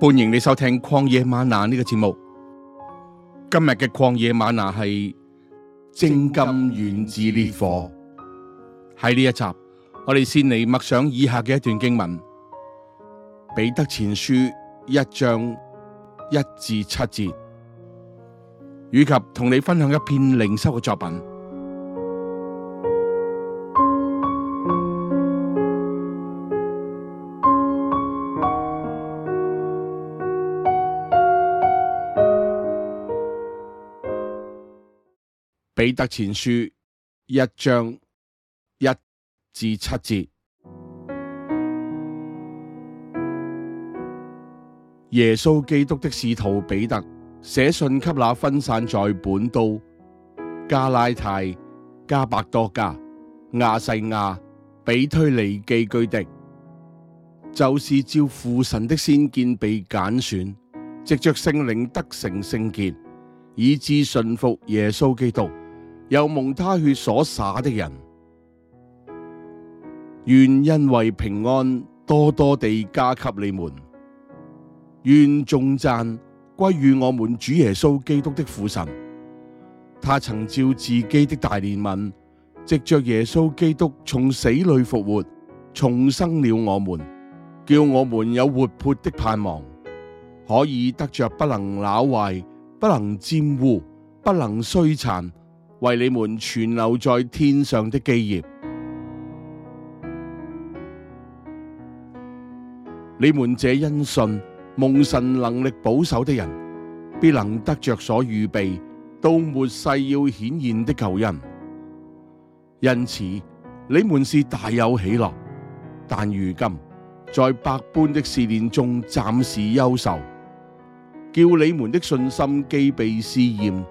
歡迎你收聽《曠野嗎哪》呢、這個節目。今日嘅《曠野嗎哪》係《精金源自烈火》，喺呢一集，我哋先嚟默想以下嘅一段經文：彼得前書一章一至七節，以及同你分享一篇靈修嘅作品。彼得前書一章一至七節，耶穌基督的使徒彼得寫信給那分散在本都、加拉太、加百多加、亞細亞、比推尼寄居的，就是照父神的先見被揀選，藉着聖靈得成聖潔，以致信服耶穌基督。又蒙他血所灑的人。願因為平安多多地加給你們，願眾讚歸於我們主耶穌基督的父神。他曾照自己的大憐憫，藉着耶穌基督從死裏復活，重生了我們，叫我們有活潑的盼望，可以得着不能朽壞、不能玷污、不能衰殘，為你們存留在天上的基業，你們這因信蒙神能力保守的人，必能得着所預備到末世要顯現的救恩。因此，你們是大有喜樂，但如今在百般的試煉中暫時憂愁，叫你們的信心既被試驗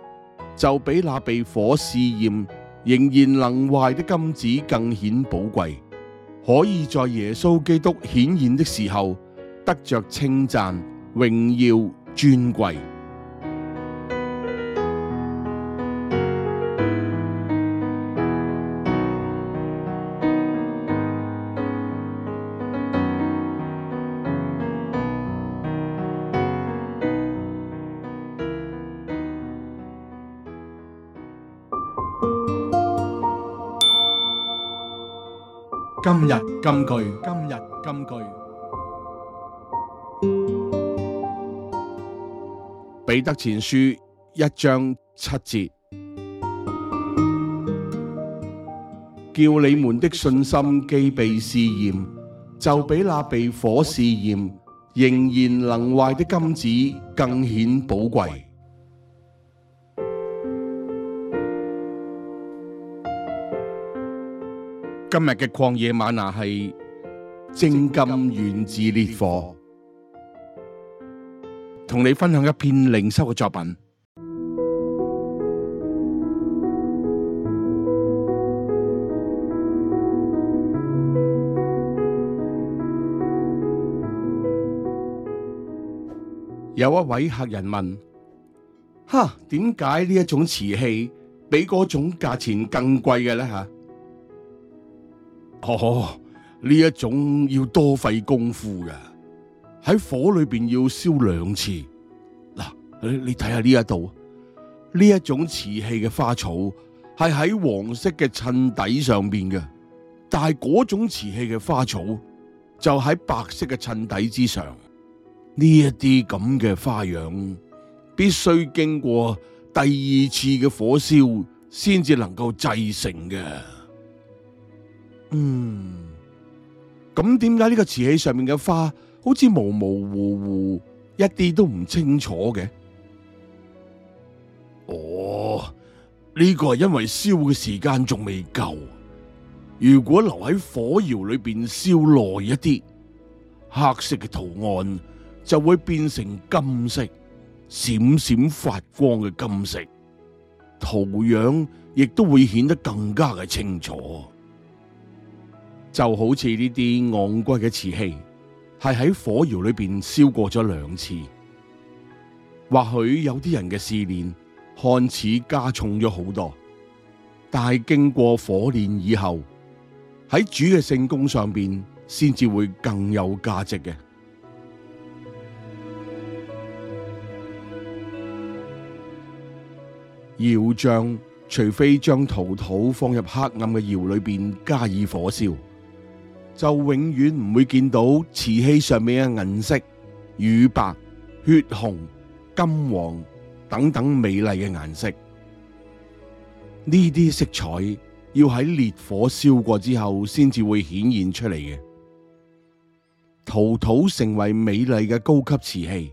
就比那被火試驗仍然能壞的金子更顯寶貴，可以在耶穌基督顯現的時候得着稱讚、榮耀、尊貴。今日金句，今日金句。彼得前書一章七節，叫你們的信心既被試驗，就比那被火試驗仍然能壞的金子更顯寶貴。今日嘅曠野嗎哪係精金源自烈火，同你分享一篇靈修嘅作品。有一位客人問：哈，點解呢一種瓷器比嗰種價錢更貴嘅咧？吓？哦，呢一種要多費功夫㗎，喺火裏邊要燒兩次。嗱，你睇下呢一度，呢一種瓷器嘅花草係喺黃色嘅襯底上邊嘅，但係嗰種瓷器嘅花草就喺白色嘅襯底之上。呢一啲咁嘅花樣，必須經過第二次嘅火燒，先至能夠製成嘅。嗯，咁點解呢個瓷器上面嘅花好似模模糊糊，一啲都唔清楚嘅？哦，呢個係因為燒嘅時間仲未夠。如果留喺火窑裏邊燒耐一啲，黑色嘅圖案就會變成金色，閃閃發光嘅金色，圖樣亦都會顯得更加嘅清楚。就好似呢啲昂貴嘅瓷器，係喺火窯裏邊燒過咗兩次。或許有啲人嘅試煉看似加重咗好多，但係經過火煉以後，喺主嘅聖工上邊，先至會更有價值嘅。窯匠，除非將陶土放入黑暗嘅窯裏邊加以火燒。就永遠唔會見到瓷器上面嘅銀色、乳白、血紅、金黃等等美麗嘅顏色。呢啲色彩要喺烈火燒過之後，先至會顯現出嚟嘅。陶土成為美麗嘅高級瓷器，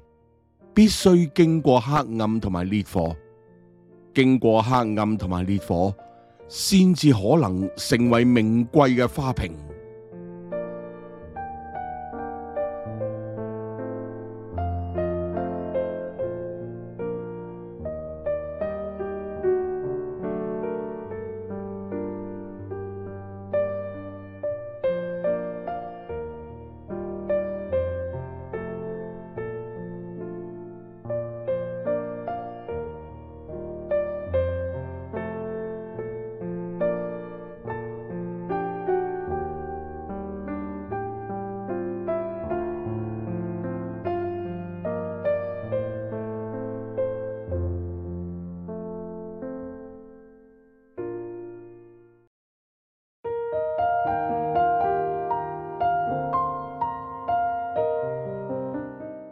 必須經過黑暗同埋烈火，經過黑暗同埋烈火，先至可能成為名貴嘅花瓶。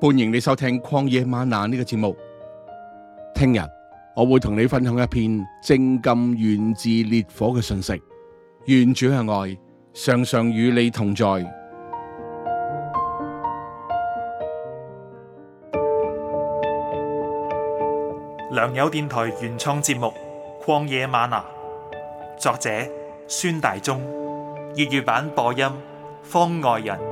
歡迎你收聽曠野嗎哪呢個節目。聽日我會同你分享一篇精金源自烈火嘅信息。願主嘅愛，常常與你同在。良友電台原創節目《曠野嗎哪》，作者孫大中，粵語版播音方外人。